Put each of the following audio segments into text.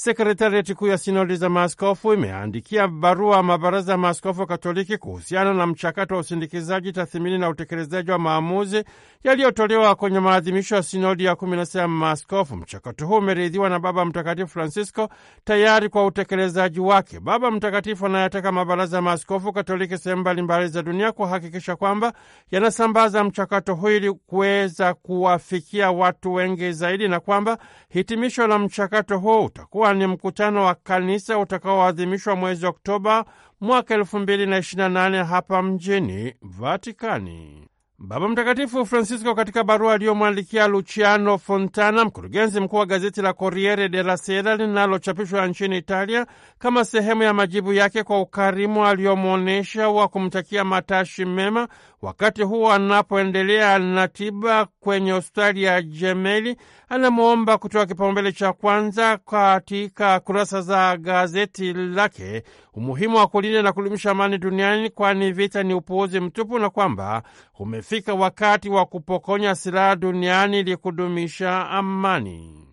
Sekretarieti kuu ya sinodi za maaskofu imeandikia barua mabaraza ya maaskofu Katoliki kuhusiana na mchakato wa usindikizaji, tathimini na utekelezaji wa maamuzi yaliyotolewa kwenye maadhimisho ya sinodi ya kumi na sita ya maaskofu. Mchakato huu umeridhiwa na Baba Mtakatifu Francisco tayari kwa utekelezaji wake. Baba Mtakatifu anayataka mabaraza ya maaskofu Katoliki sehemu mbalimbali za dunia kuhakikisha kwamba yanasambaza mchakato huu ili kuweza kuwafikia watu wengi zaidi, na kwamba hitimisho la mchakato huu utakuwa kuwa ni mkutano wa kanisa utakaoadhimishwa mwezi Oktoba mwaka elfu mbili na ishirini na nane hapa mjini Vatikani. Baba Mtakatifu Francisco katika barua aliyomwandikia Luciano Fontana, mkurugenzi mkuu wa gazeti la Corriere della Sera linalochapishwa nchini Italia, kama sehemu ya majibu yake kwa ukarimu aliyomwonyesha wa kumtakia matashi mema Wakati huo anapoendelea na tiba kwenye hospitali ya Jemeli, anamwomba kutoa kipaumbele cha kwanza katika kurasa za gazeti lake umuhimu wa kulinda na kudumisha amani duniani, kwani vita ni upuuzi mtupu na kwamba umefika wakati wa kupokonya silaha duniani ili kudumisha amani.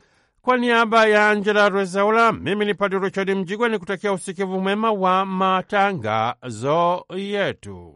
Kwa niaba ya Angela Rezaula, mimi ni Padre Richard Mjigwa, ni kutakia usikivu mwema wa matangazo yetu.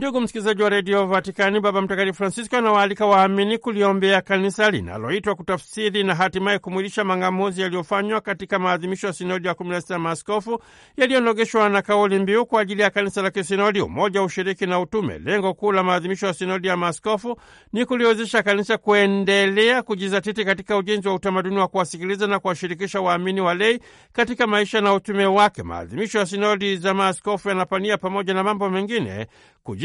Ndugu msikilizaji wa redio Vatikani, Baba Mtakatifu Francisco anawaalika waamini kuliombea kanisa linaloitwa kutafsiri na hatimaye kumwilisha mang'amuzi yaliyofanywa katika maadhimisho ya sinodi ya 16 maaskofu yaliyonogeshwa na kauli mbiu kwa ajili ya kanisa la kisinodi, umoja, ushiriki na utume. Lengo kuu la maadhimisho ya sinodi ya maaskofu ni kuliwezesha kanisa kuendelea kujizatiti katika ujenzi wa utamaduni wa kuwasikiliza na kuwashirikisha waamini walei katika maisha na utume wake. Maadhimisho ya sinodi za maaskofu yanapania pamoja na mambo mengine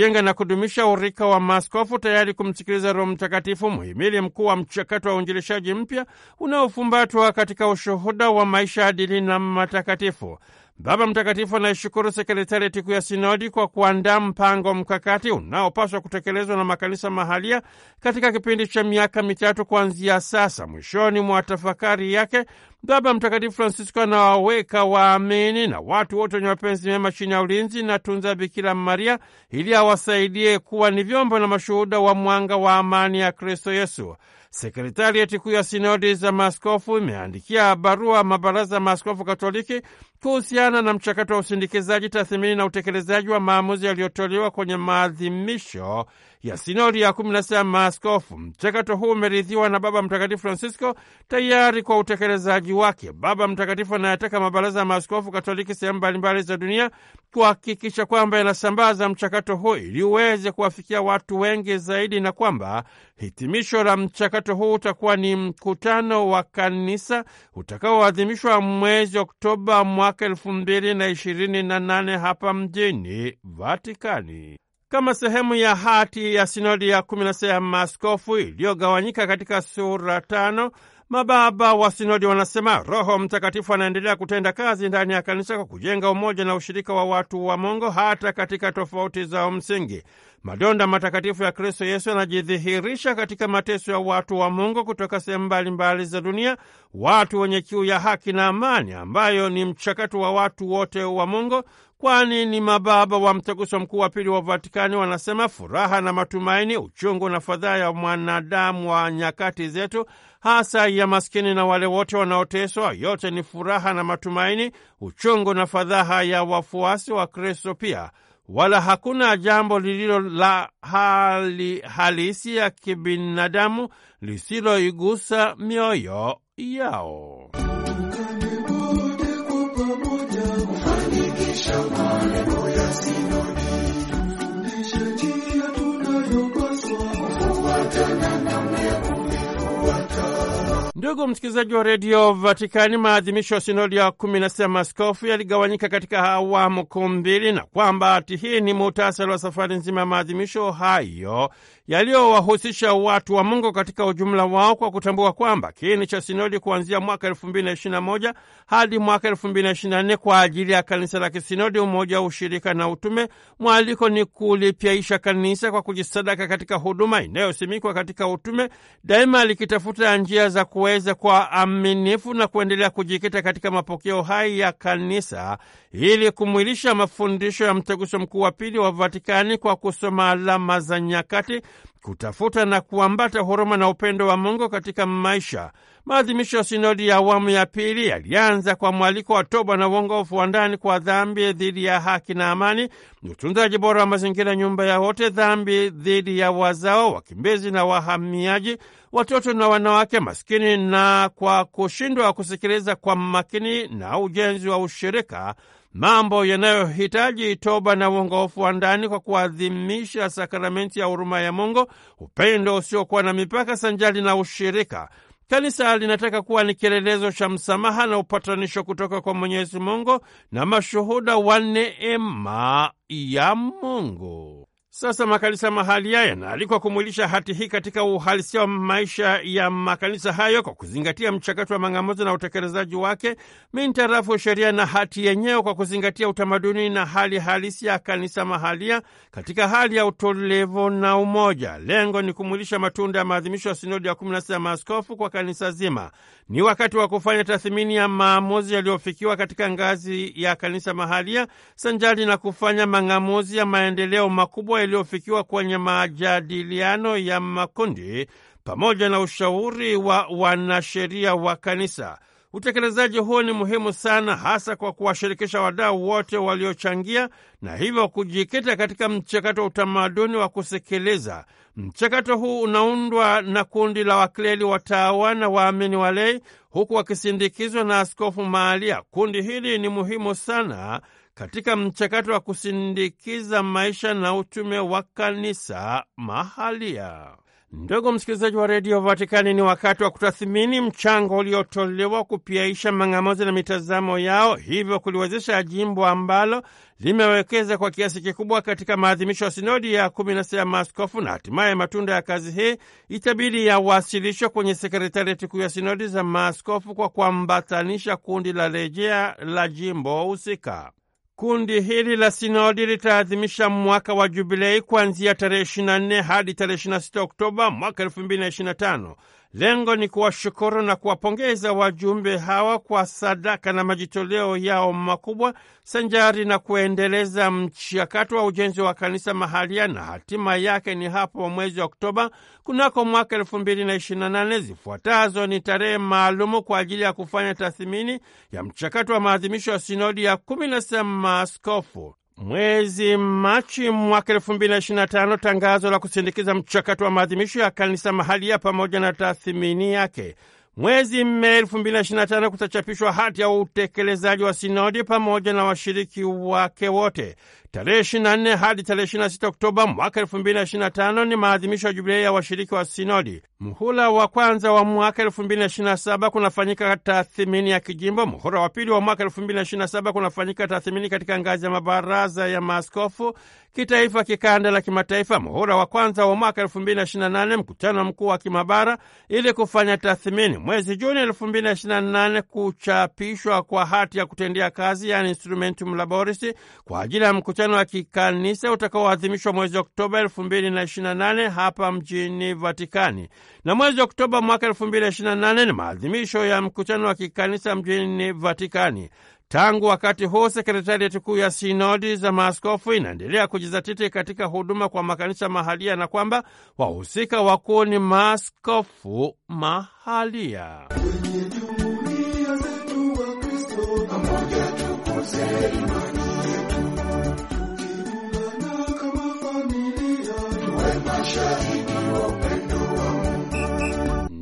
kujenga na kudumisha urika wa maaskofu, tayari kumsikiliza Roho Mtakatifu, mhimili mkuu wa mchakato wa uinjilishaji mpya unaofumbatwa katika ushuhuda wa maisha adili na matakatifu. Baba Mtakatifu anaishukuru sekretarieti kuu ya sinodi kwa kuandaa mpango mkakati unaopaswa kutekelezwa na makanisa mahalia katika kipindi cha miaka mitatu kuanzia sasa. Mwishoni mwa tafakari yake, Baba Mtakatifu Francisco anawaweka waamini na watu wote wenye mapenzi mema chini ya ulinzi na tunza Bikira Maria ili awasaidie kuwa ni vyombo na mashuhuda wa mwanga wa amani ya Kristo Yesu. Sekretarieti kuu ya sinodi za maaskofu imeandikia barua mabaraza ya maaskofu Katoliki kuhusiana na mchakato wa usindikizaji, tathmini na utekelezaji wa maamuzi yaliyotolewa kwenye maadhimisho ya sinodi ya kumi na sita maaskofu. Mchakato huu umeridhiwa na Baba Mtakatifu Francisco tayari kwa utekelezaji wake. Baba Mtakatifu anayataka mabaraza ya maaskofu Katoliki sehemu mbalimbali za dunia kuhakikisha kwamba yanasambaza mchakato huu ili uweze kuwafikia watu wengi zaidi, na kwamba hitimisho la mchakato huu utakuwa ni mkutano wa kanisa utakaoadhimishwa mwezi Oktoba mwaka mwaka elfu mbili na ishirini na nane hapa mjini Vatikani. Kama sehemu ya hati ya sinodi ya kumi na sita ya maskofu iliyogawanyika katika sura tano, mababa wa sinodi wanasema Roho Mtakatifu anaendelea kutenda kazi ndani ya kanisa kwa kujenga umoja na ushirika wa watu wa Mungu hata katika tofauti za msingi. Madonda matakatifu ya Kristo Yesu yanajidhihirisha katika mateso ya watu wa Mungu kutoka sehemu mbalimbali za dunia, watu wenye kiu ya haki na amani, ambayo ni mchakato wa watu wote wa Mungu, kwani ni mababa wa mtaguso mkuu wa pili wa Vatikani wanasema furaha na matumaini, uchungu na fadhaa ya mwanadamu wa nyakati zetu, hasa ya maskini na wale wote wanaoteswa, yote ni furaha na matumaini, uchungu na fadhaa ya wafuasi wa Kristo pia wala hakuna jambo lililo la hali halisi ya kibinadamu lisiloigusa mioyo yao. Ndugu msikilizaji wa redio Vatikani, maadhimisho ya sinodi ya kumi na sita maskofu yaligawanyika katika awamu kuu mbili, na kwamba ati hii ni muhtasari wa safari nzima ya maadhimisho hayo yaliyowahusisha watu wa Mungu katika ujumla wao, kwa kutambua kwamba kiini cha sinodi kuanzia mwaka elfu mbili na ishirini na moja hadi mwaka elfu mbili na ishirini na nne kwa ajili ya kanisa la kisinodi, umoja wa ushirika na utume, mwaliko ni kulipyaisha kanisa kwa kujisadaka katika huduma inayosimikwa katika utume, daima likitafuta njia za kuwe waweze kuwa aminifu na kuendelea kujikita katika mapokeo hai ya kanisa ili kumwilisha mafundisho ya mtaguso mkuu wa pili wa Vatikani kwa kusoma alama za nyakati kutafuta na kuambata huruma na upendo wa Mungu katika maisha. Maadhimisho ya sinodi ya awamu ya pili yalianza kwa mwaliko wa toba na uongofu wa ndani kwa dhambi dhidi ya haki na amani, utunzaji bora wa mazingira, nyumba ya wote, dhambi dhidi ya wazao, wakimbizi na wahamiaji, watoto na wanawake maskini, na kwa kushindwa kusikiliza kwa makini na ujenzi wa ushirika mambo yanayohitaji toba na uongofu wa ndani kwa kuadhimisha sakramenti ya huruma ya Mungu, upendo usiokuwa na mipaka sanjali na ushirika. Kanisa linataka kuwa ni kielelezo cha msamaha na upatanisho kutoka kwa Mwenyezi Mungu na mashuhuda wa neema ya Mungu. Sasa makanisa mahali haya yanaalikwa kumwilisha hati hii katika uhalisia wa maisha ya makanisa hayo kwa kuzingatia mchakato wa mang'amuzi na utekelezaji wake mintarafu sheria na hati yenyewe kwa kuzingatia utamaduni na hali halisi ya kanisa mahalia katika hali ya utulivu na umoja. Lengo ni kumwilisha matunda ya maadhimisho ya sinodi ya kumi na sita ya maaskofu kwa kanisa zima. Ni wakati wa kufanya tathmini ya maamuzi yaliyofikiwa katika ngazi ya kanisa mahalia sanjari na kufanya mang'amuzi ya maendeleo makubwa iliyofikiwa kwenye majadiliano ya makundi pamoja na ushauri wa wanasheria wa kanisa. Utekelezaji huo ni muhimu sana, hasa kwa kuwashirikisha wadau wote waliochangia na hivyo kujikita katika mchakato wa utamaduni wa kusikiliza. Mchakato huu unaundwa na kundi la wakleli watawa na waamini walei, huku wakisindikizwa na askofu maalia. Kundi hili ni muhimu sana katika mchakato wa kusindikiza maisha na utume wa kanisa mahalia. Ndugu msikilizaji wa redio Vatikani, ni wakati wa kutathmini mchango uliotolewa kupiaisha mang'amuzi na mitazamo yao, hivyo kuliwezesha jimbo ambalo limewekeza kwa kiasi kikubwa katika maadhimisho ya sinodi ya kumi na sita ya maaskofu, na hatimaye matunda ya kazi hii itabidi yawasilishwa kwenye sekretarieti kuu ya sinodi za maaskofu kwa kuambatanisha kundi la rejea la jimbo husika. Kundi hili la sinodi litaadhimisha mwaka wa jubilei kuanzia tarehe 24 hadi tarehe 26 Oktoba mwaka 2025. Lengo ni kuwashukuru na kuwapongeza wajumbe hawa kwa sadaka na majitoleo yao makubwa sanjari na kuendeleza mchakato wa ujenzi wa kanisa mahalia, na hatima yake ni hapo mwezi Oktoba kunako mwaka elfu mbili na ishirini na nane. Zifuatazo ni tarehe maalumu kwa ajili ya kufanya tathmini ya mchakato wa maadhimisho ya sinodi ya kumi na sema maaskofu Mwezi Machi mwaka elfu mbili na ishirini na tano, tangazo la kusindikiza mchakato wa maadhimisho ya kanisa mahalia pamoja na tathmini yake. Mwezi Mei elfu mbili na ishirini na tano kutachapishwa hati ya utekelezaji wa sinodi pamoja na washiriki wake wote. Tarehe nne hadi tarehe sita Oktoba mwaka tano ni maadhimisho ya jubilei ya washiriki wa sinodi. Muhula wa kwanza wa mwaka elfu mbili na ishirini na saba kunafanyika tathimini ya kijimbo. Muhula wa pili wa mwaka elfu mbili na ishirini na saba kunafanyika tathimini katika ngazi ya mabaraza ya maaskofu kitaifa, kikanda la kimataifa. Muhula wa kwanza wa mwaka elfu mbili na ishirini na nane mkutano mkuu wa kimabara ili kufanya tathimini. Mwezi Juni elfu mbili na ishirini na nane kuchapishwa kwa hati ya kutendea kazi, yani instrumentum laboris, kwa ajili ya mkutano wa kikanisa utakaoadhimishwa mwezi Oktoba elfu mbili na ishirini na nane hapa mjini Vatikani na mwezi Oktoba mwaka 2028 ni maadhimisho ya mkutano wa kikanisa mjini Vatikani. Tangu wakati huu sekretarieti kuu ya sinodi za maaskofu inaendelea kujizatiti katika huduma kwa makanisa mahalia na kwamba wahusika wakuu ni maaskofu mahalia.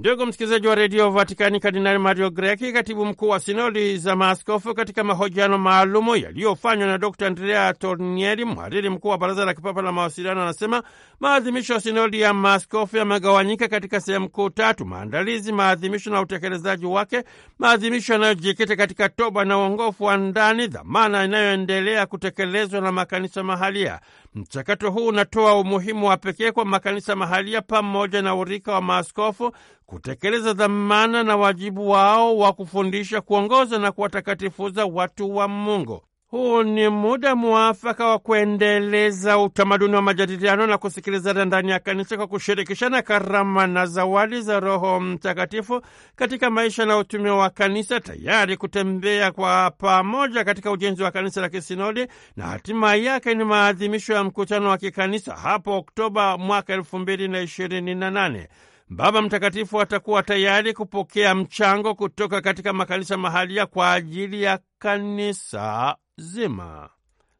Ndugu msikilizaji wa redio Vatikani, Kardinali Mario Greki, katibu mkuu wa sinodi za maaskofu, katika mahojiano maalumu yaliyofanywa na Dr Andrea Tornieri, mhariri mkuu wa baraza la kipapa la mawasiliano, anasema maadhimisho ya sinodi ya maaskofu yamegawanyika katika sehemu kuu tatu: maandalizi, maadhimisho na utekelezaji wake. Maadhimisho yanayojikita katika toba na uongofu wa ndani, dhamana inayoendelea kutekelezwa na makanisa mahalia. Mchakato huu unatoa umuhimu wa pekee kwa makanisa mahalia pamoja na urika wa maaskofu kutekeleza dhamana na wajibu wao wa kufundisha, kuongoza na kuwatakatifuza watu wa Mungu huu ni muda mwafaka wa kuendeleza utamaduni wa majadiliano na kusikilizana ndani ya kanisa kwa kushirikishana karama na zawadi za Roho Mtakatifu katika maisha na utume wa kanisa, tayari kutembea kwa pamoja katika ujenzi wa kanisa la kisinodi na hatima yake ni maadhimisho ya mkutano wa kikanisa hapo Oktoba mwaka elfu mbili na ishirini na nane. Baba Mtakatifu atakuwa tayari kupokea mchango kutoka katika makanisa mahalia kwa ajili ya kanisa zima.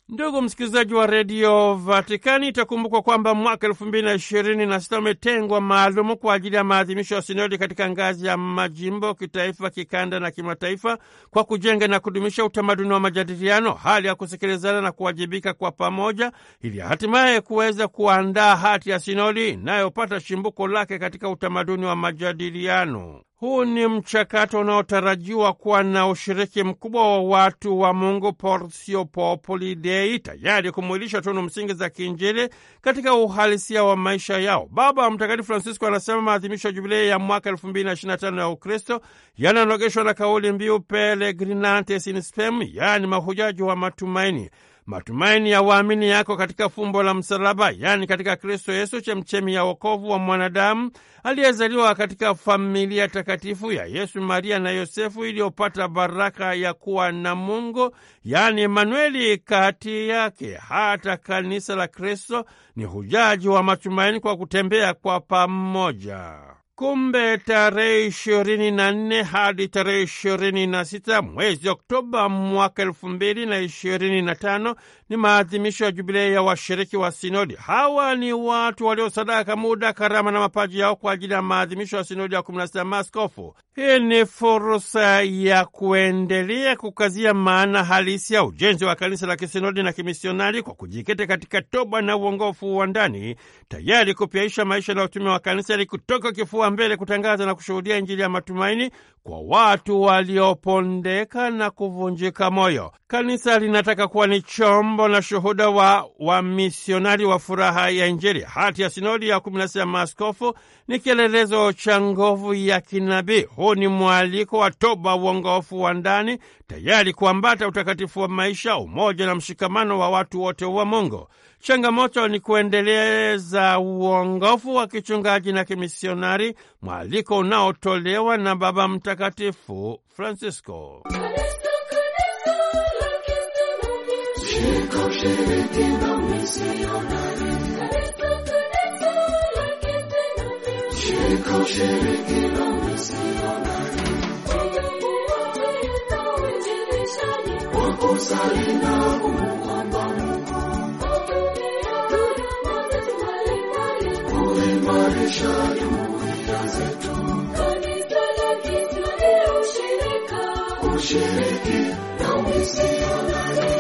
Ndugu msikilizaji wa redio Vatikani, itakumbukwa kwamba mwaka elfu mbili na ishirini na sita umetengwa maalumu kwa ajili ya maadhimisho ya sinodi katika ngazi ya majimbo, kitaifa, kikanda na kimataifa, kwa kujenga na kudumisha utamaduni wa majadiliano, hali ya kusikilizana na kuwajibika kwa pamoja, ili hatimaye kuweza kuandaa hati ya sinodi inayopata shimbuko lake katika utamaduni wa majadiliano. Huu ni mchakato unaotarajiwa kuwa na ushiriki mkubwa wa watu wa Mungu, Portio Populi Dei, tayari kumwilisha tunu msingi za kiinjili katika uhalisia wa maisha yao. Baba Mtakatifu Francisco anasema maadhimisho ya jubilei ya mwaka 2025 ya Ukristo yananogeshwa na kauli mbiu Peregrinantes in Spem, yaani mahujaji wa matumaini. Matumaini ya waamini yako katika fumbo la msalaba, yaani katika Kristo Yesu, chemchemi ya wokovu wa mwanadamu aliyezaliwa katika familia takatifu ya Yesu, Maria na Yosefu, iliyopata baraka ya kuwa na Mungu, yaani Emanueli, kati yake. Hata kanisa la Kristo ni hujaji wa matumaini kwa kutembea kwa pamoja. Kumbe tarehe ishirini na nne hadi tarehe ishirini na sita mwezi Oktoba mwaka elfu mbili na ishirini na tano ni maadhimisho ya jubilei ya washiriki wa sinodi. Hawa ni watu waliosadaka muda, karama na mapaji yao kwa ajili ya maadhimisho ya sinodi ya kumi na sita maaskofu. Hii ni fursa ya kuendelea kukazia maana halisi ya ujenzi wa kanisa la kisinodi na kimisionari kwa kujikita katika toba na uongofu wa ndani, tayari kupyaisha maisha na utume wa kanisa ili kutoka kifua mbele kutangaza na kushuhudia Injili ya matumaini kwa watu waliopondeka na kuvunjika moyo. Kanisa linataka kuwa ni chombo na shuhuda wa wamisionari wa furaha ya Injili. Hati ya sinodi ya kumi na sita ya maaskofu ni kielelezo cha nguvu ya kinabii. Huu ni mwaliko wa toba, uongofu wa ndani, tayari kuambata utakatifu wa maisha, umoja na mshikamano wa watu wote wa Mungu. Changamoto ni kuendeleza uongofu wa kichungaji na kimisionari, mwaliko unaotolewa na Baba Mtakatifu Francisco. kuimarisha jumuiya zetu. Kanisa la ushirika, ushiriki na misionari.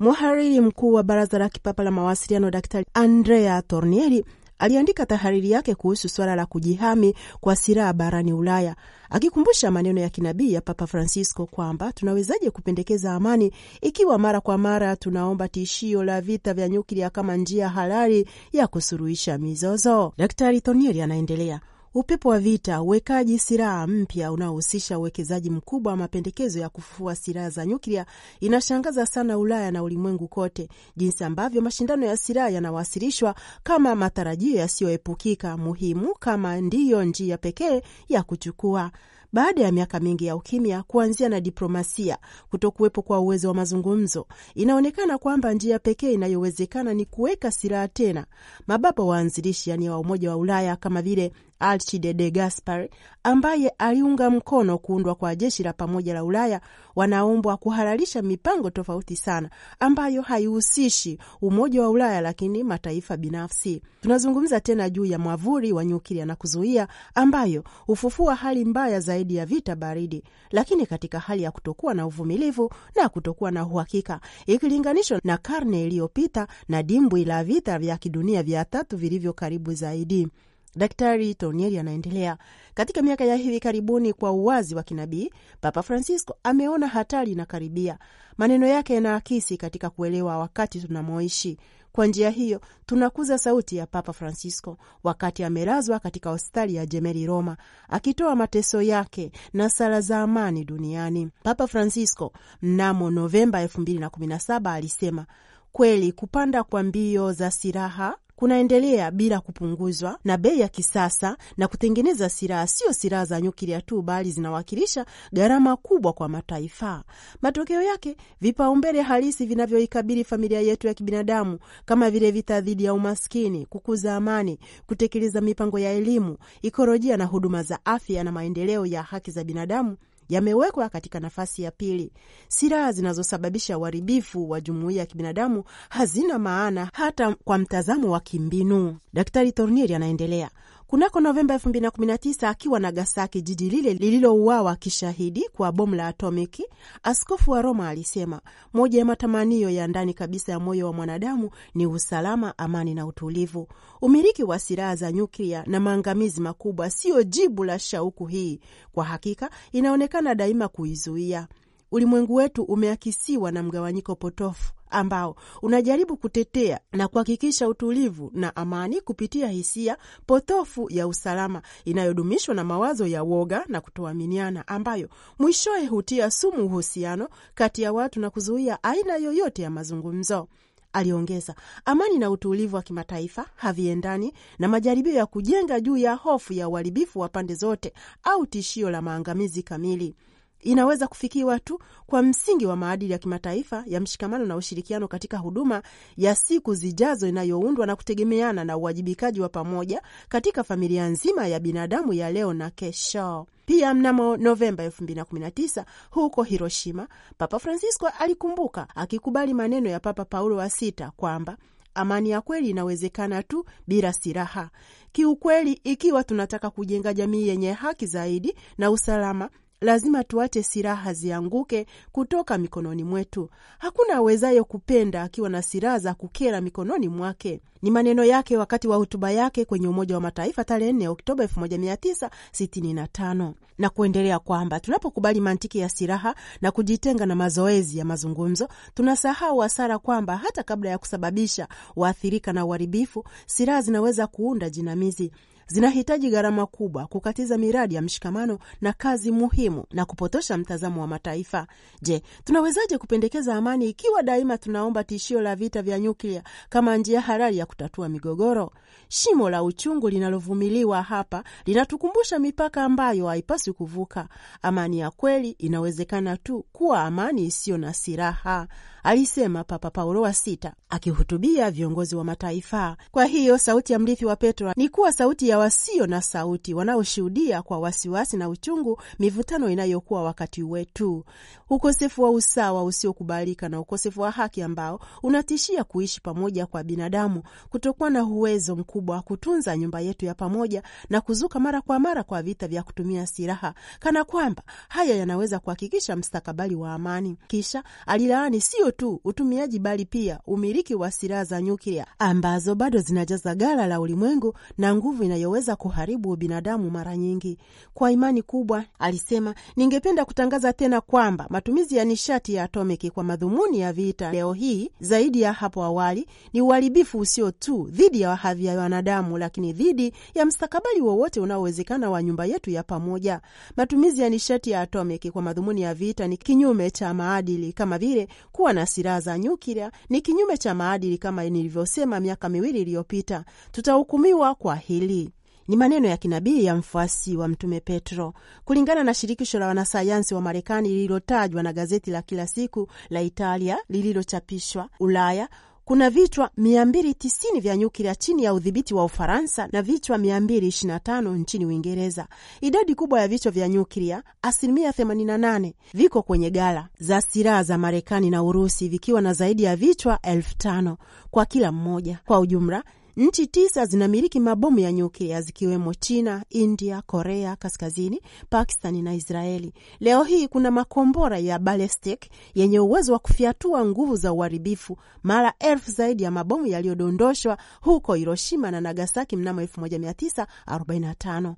Mhariri mkuu wa Baraza la Kipapa la Mawasiliano Daktari Andrea Tornieri aliandika tahariri yake kuhusu suala la kujihami kwa silaha barani Ulaya, akikumbusha maneno ya kinabii ya Papa Francisco kwamba tunawezaje kupendekeza amani ikiwa mara kwa mara tunaomba tishio la vita vya nyuklia kama njia halali ya kusuluhisha mizozo. Daktari Tonieri anaendelea Upepo wa vita, uwekaji silaha mpya unaohusisha uwekezaji mkubwa wa mapendekezo ya kufufua silaha za nyuklia inashangaza sana Ulaya na ulimwengu kote, jinsi ambavyo mashindano ya silaha yanawasilishwa kama matarajio yasiyoepukika muhimu, kama ndiyo njia pekee ya kuchukua baada ya miaka mingi ya ukimya kuanzia na diplomasia, kutokuwepo kwa uwezo wa mazungumzo, inaonekana kwamba njia pekee inayowezekana ni kuweka silaha tena. Mababa waanzilishi yani wa Umoja wa Ulaya kama vile Alcide Gaspar ambaye aliunga mkono kuundwa kwa jeshi la pamoja la Ulaya, wanaombwa kuhalalisha mipango tofauti sana ambayo haihusishi umoja wa Ulaya lakini mataifa binafsi. Tunazungumza tena juu ya mwavuli wa nyuklia na kuzuia, ambayo hufufua hali mbaya zaidi ya vita baridi, lakini katika hali ya kutokuwa na uvumilivu na kutokuwa na uhakika ikilinganishwa na karne iliyopita na dimbwi la vita vya kidunia vya tatu vilivyo karibu zaidi. Daktari Tonieri anaendelea, katika miaka ya hivi karibuni, kwa uwazi wa kinabii, Papa Francisco ameona hatari inakaribia. Maneno yake yanaakisi katika kuelewa wakati tunamoishi. Kwa njia hiyo tunakuza sauti ya Papa Francisco wakati amelazwa katika hospitali ya jemeri Roma, akitoa mateso yake na sala za amani duniani. Papa Francisco mnamo Novemba 2017 alisema, kweli kupanda kwa mbio za silaha kunaendelea bila kupunguzwa na bei ya kisasa na kutengeneza silaha sio silaha za nyuklia tu, bali zinawakilisha gharama kubwa kwa mataifa. Matokeo yake, vipaumbele halisi vinavyoikabili familia yetu ya kibinadamu kama vile vita dhidi ya umaskini, kukuza amani, kutekeleza mipango ya elimu, ikolojia na huduma za afya na maendeleo ya haki za binadamu yamewekwa katika nafasi ya pili. Silaha zinazosababisha uharibifu wa jumuiya ya kibinadamu hazina maana hata kwa mtazamo wa kimbinu. Daktari tornieri anaendelea kunako Novemba 2019 akiwa Nagasaki, jiji lile lililouawa kishahidi kwa bomu la atomiki. Askofu wa Roma alisema moja ya matamanio ya ndani kabisa ya moyo wa mwanadamu ni usalama, amani na utulivu. Umiliki wa silaha za nyuklia na maangamizi makubwa siyo jibu la shauku hii, kwa hakika inaonekana daima kuizuia ulimwengu wetu umeakisiwa na mgawanyiko potofu ambao unajaribu kutetea na kuhakikisha utulivu na amani kupitia hisia potofu ya usalama inayodumishwa na mawazo ya woga na kutoaminiana ambayo mwishowe hutia sumu uhusiano kati ya watu na kuzuia aina yoyote ya mazungumzo. Aliongeza, amani na utulivu wa kimataifa haviendani na majaribio ya kujenga juu ya hofu ya uharibifu wa pande zote au tishio la maangamizi kamili inaweza kufikiwa tu kwa msingi wa maadili ya kimataifa ya mshikamano na ushirikiano katika huduma ya siku zijazo inayoundwa na kutegemeana na uwajibikaji wa pamoja katika familia nzima ya binadamu ya leo na kesho. Pia mnamo Novemba 2019 huko Hiroshima, Papa Francisco alikumbuka akikubali maneno ya Papa Paulo wa Sita kwamba amani ya kweli inawezekana tu bila silaha. Kiukweli, ikiwa tunataka kujenga jamii yenye haki zaidi na usalama Lazima tuache silaha zianguke kutoka mikononi mwetu. Hakuna awezaye kupenda akiwa na silaha za kukera mikononi mwake. Ni maneno yake wakati wa hotuba yake kwenye Umoja wa Mataifa tarehe 4 Oktoba 1965 na kuendelea kwamba tunapokubali mantiki ya silaha na kujitenga na mazoezi ya mazungumzo, tunasahau hasara kwamba hata kabla ya kusababisha waathirika na uharibifu, silaha zinaweza kuunda jinamizi zinahitaji gharama kubwa, kukatiza miradi ya mshikamano na kazi muhimu na kupotosha mtazamo wa mataifa. Je, tunawezaje kupendekeza amani ikiwa daima tunaomba tishio la vita vya nyuklia kama njia halali ya kutatua migogoro? Shimo la uchungu linalovumiliwa hapa linatukumbusha mipaka ambayo haipaswi kuvuka. Amani ya kweli inawezekana tu kuwa amani isiyo na silaha, alisema Papa Paulo wa Sita akihutubia viongozi wa mataifa. Kwa hiyo sauti ya mrithi wa Petro ni kuwa sauti ya wasio na sauti wanaoshuhudia kwa wasiwasi na uchungu mivutano inayokuwa wakati wetu, ukosefu wa usawa usiokubalika na ukosefu wa haki ambao unatishia kuishi pamoja kwa binadamu, kutokuwa na uwezo mkubwa wa kutunza nyumba yetu ya pamoja, na kuzuka mara kwa mara kwa vita vya kutumia silaha, kana kwamba haya yanaweza kuhakikisha mstakabali wa amani. Kisha alilaani sio tu utumiaji, bali pia umiliki wa silaha za nyuklia ambazo bado zinajaza ghala la ulimwengu na nguvu inayo vinavyoweza kuharibu binadamu mara nyingi. Kwa imani kubwa, alisema, ningependa kutangaza tena kwamba matumizi ya nishati ya atomiki kwa madhumuni ya vita leo hii zaidi ya hapo awali ni uharibifu usio tu dhidi ya hadhi ya wanadamu, lakini dhidi ya mstakabali wowote unaowezekana wa nyumba yetu ya pamoja. Matumizi ya nishati ya atomiki kwa madhumuni ya vita ni kinyume cha maadili, kama vile kuwa na silaha za nyuklia ni kinyume cha maadili, kama nilivyosema miaka miwili iliyopita. Tutahukumiwa kwa hili. Ni maneno ya kinabii ya mfuasi wa Mtume Petro, kulingana na shirikisho la wanasayansi wa Marekani lililotajwa na gazeti la kila siku la Italia lililochapishwa Ulaya. Kuna vichwa 290 vya nyuklia chini ya udhibiti wa Ufaransa na vichwa 225 nchini Uingereza. Idadi kubwa ya vichwa vya nyuklia, asilimia 88, viko kwenye gala za silaha za Marekani na Urusi, vikiwa na zaidi ya vichwa elfu tano kwa kila mmoja. Kwa ujumla Nchi tisa zinamiliki mabomu ya nyuklia zikiwemo China, India, Korea Kaskazini, Pakistani na Israeli. Leo hii kuna makombora ya balestik yenye uwezo wa kufyatua nguvu za uharibifu mara elfu zaidi ya mabomu yaliyodondoshwa huko Hiroshima na Nagasaki mnamo 1945.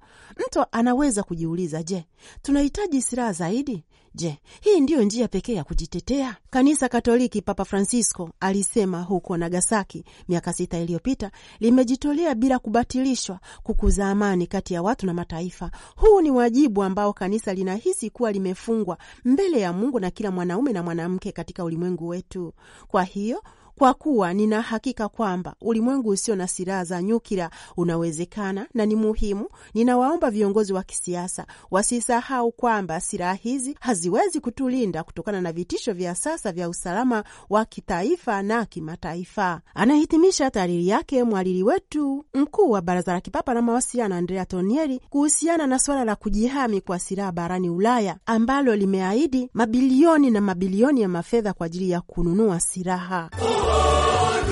Mtu anaweza kujiuliza, je, tunahitaji silaha zaidi? Je, hii ndiyo njia pekee ya kujitetea? Kanisa Katoliki, Papa Francisco alisema huko Nagasaki miaka sita iliyopita, limejitolea bila kubatilishwa kukuza amani kati ya watu na mataifa. Huu ni wajibu ambao kanisa linahisi kuwa limefungwa mbele ya Mungu na kila mwanaume na mwanamke katika ulimwengu wetu. Kwa hiyo kwa kuwa nina hakika kwamba ulimwengu usio na silaha za nyuklia unawezekana na ni muhimu. Ninawaomba viongozi wa kisiasa wasisahau kwamba silaha hizi haziwezi kutulinda kutokana na vitisho vya sasa vya usalama wa kitaifa na kimataifa. Anahitimisha tahariri yake mhariri wetu mkuu wa Baraza la Kipapa na Mawasiliano Andrea Tonieri kuhusiana na suala la kujihami kwa silaha barani Ulaya ambalo limeahidi mabilioni na mabilioni ya mafedha kwa ajili ya kununua silaha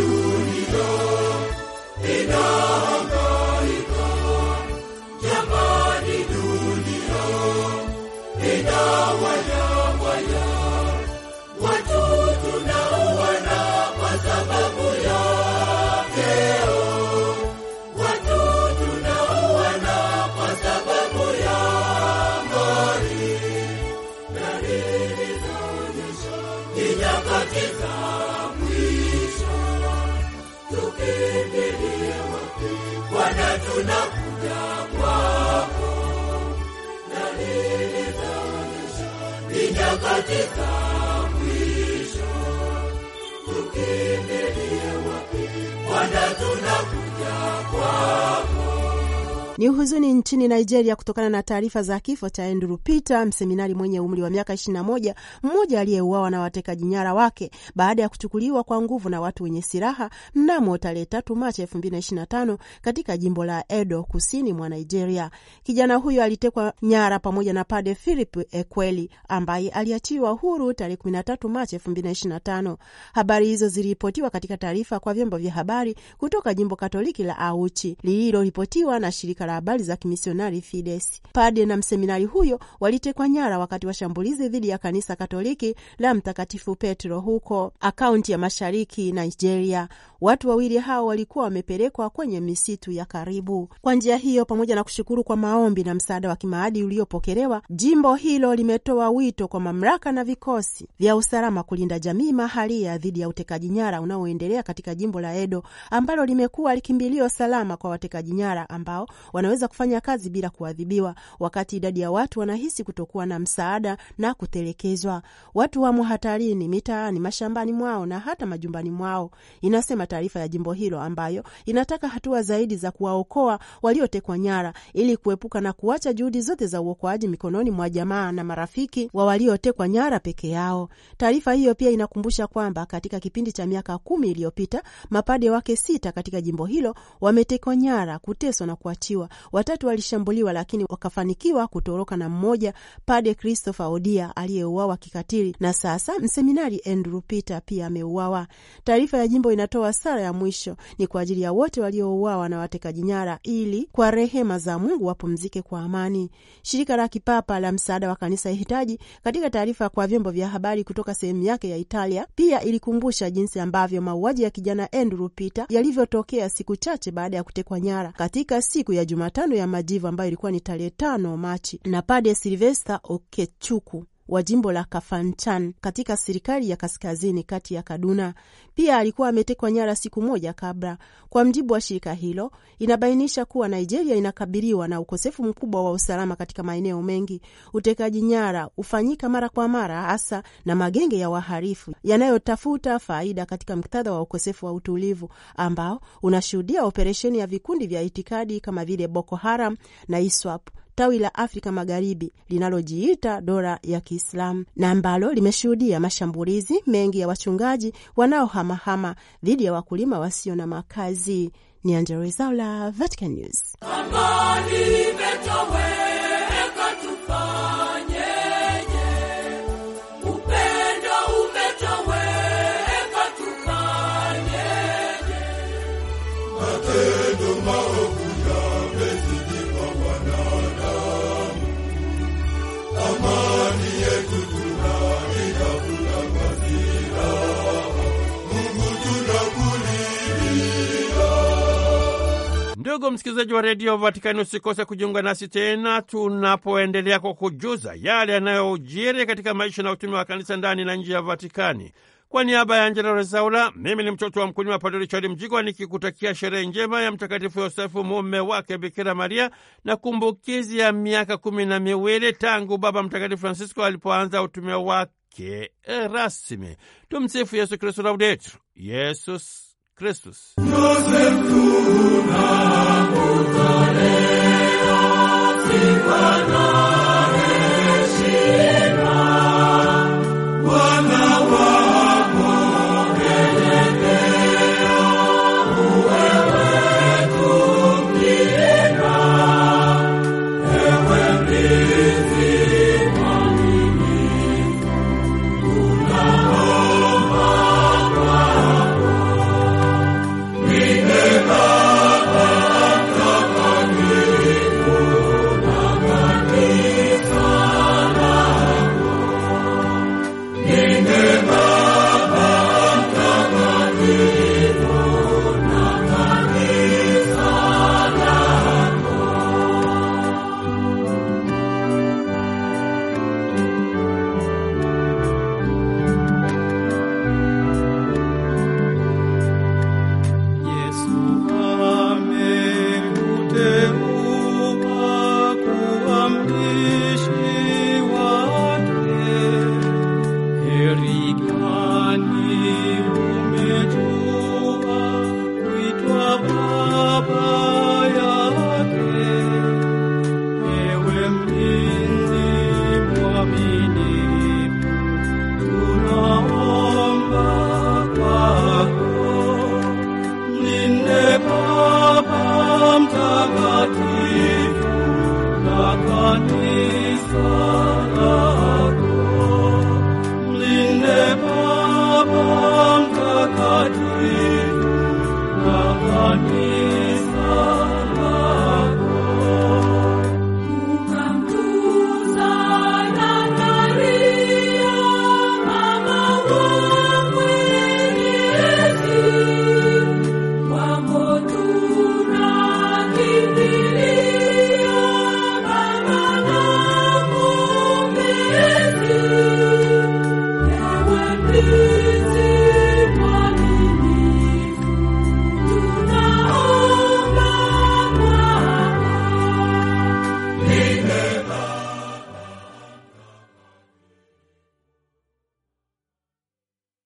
dunia inaa Bwana tunakuja kwako. Ni huzuni nchini Nigeria kutokana na taarifa za kifo cha Andrew Peter, mseminari mwenye umri wa miaka 21, mmoja aliyeuawa na watekaji nyara wake baada ya kuchukuliwa kwa nguvu na watu wenye silaha mnamo tarehe 3 Machi 2025 katika jimbo la Edo, kusini mwa Nigeria. Kijana huyo alitekwa nyara pamoja na pade Philip Ekweli ambaye aliachiwa huru tarehe 13 Machi 2025. Habari hizo ziliripotiwa katika taarifa kwa vyombo vya habari kutoka jimbo Katoliki la Auchi lililoripotiwa na shirika la habari za kimisionari Fides. pade na mseminari huyo walitekwa nyara wakati wa shambulizi dhidi ya kanisa Katoliki la Mtakatifu Petro huko akaunti ya mashariki Nigeria. Watu wawili hao walikuwa wamepelekwa kwenye misitu ya karibu. Kwa njia hiyo, pamoja na kushukuru kwa maombi na msaada wa kimaadi uliopokelewa, jimbo hilo limetoa wito kwa mamlaka na vikosi vya usalama kulinda jamii mahalia dhidi ya utekaji nyara unaoendelea katika jimbo la Edo ambalo limekuwa likimbilio salama kwa watekaji nyara ambao wanaweza kufanya kazi bila kuadhibiwa, wakati idadi ya watu wanahisi kutokuwa na msaada na kutelekezwa. Watu wamo hatarini mitaani, mashambani mwao na hata majumbani mwao, inasema taarifa ya jimbo hilo ambayo inataka hatua zaidi za kuwaokoa waliotekwa nyara ili kuepuka na kuacha juhudi zote za uokoaji mikononi mwa jamaa na marafiki wa waliotekwa nyara peke yao. Taarifa hiyo pia inakumbusha kwamba katika kipindi cha miaka kumi iliyopita mapade wake sita katika jimbo hilo wametekwa nyara, kuteswa na kuachiwa walijeruhiwa, watatu walishambuliwa lakini wakafanikiwa kutoroka na mmoja, Pade Christopher Odia aliyeuawa kikatili, na sasa mseminari Andrew Peter pia ameuawa. Taarifa ya jimbo inatoa sala ya mwisho ni kwa ajili ya wote waliouawa na watekaji nyara, ili kwa rehema za Mungu wapumzike kwa amani. Shirika la kipapa la msaada wa kanisa hitaji, katika taarifa kwa vyombo vya habari kutoka sehemu yake ya Italia, pia ilikumbusha jinsi ambavyo mauaji ya kijana Andrew Peter yalivyotokea siku chache baada ya kutekwa nyara katika siku ya Jumatano ya Majivu ambayo ilikuwa ni tarehe tano Machi na Pade Silvester Okechuku wa jimbo la Kafanchan katika serikali ya kaskazini kati ya Kaduna. Pia alikuwa ametekwa nyara siku moja kabla. Kwa mjibu wa shirika hilo, inabainisha kuwa Nigeria inakabiliwa na ukosefu mkubwa wa usalama katika maeneo mengi. Utekaji nyara hufanyika mara kwa mara, hasa na magenge ya wahalifu yanayotafuta faida katika muktadha wa ukosefu wa utulivu ambao unashuhudia operesheni ya vikundi vya itikadi kama vile Boko Haram na ISWAP tawi la Afrika Magharibi linalojiita dola ya Kiislamu na ambalo limeshuhudia mashambulizi mengi ya wachungaji wanaohamahama dhidi ya wakulima wasio na makazi. Ni Angella Rwezaula, Vatican News. Ndugu msikilizaji wa redio Vatikani, usikose kujiunga nasi tena tunapoendelea kwa kujuza yale yanayojiri katika maisha na utumi wa kanisa ndani na nje ya Vatikani. Kwa niaba ya Angela Rezaula, mimi ni mtoto wa mkulima Padre Richard Mjigwa, nikikutakia sherehe njema ya Mtakatifu Yosefu, mume wake Bikira Maria, na kumbukizi ya miaka kumi na miwili tangu Baba Mtakatifu Francisco alipoanza utume wake rasmi. Tumsifu Yesu Kristu, Laudetur Yesus Kristus.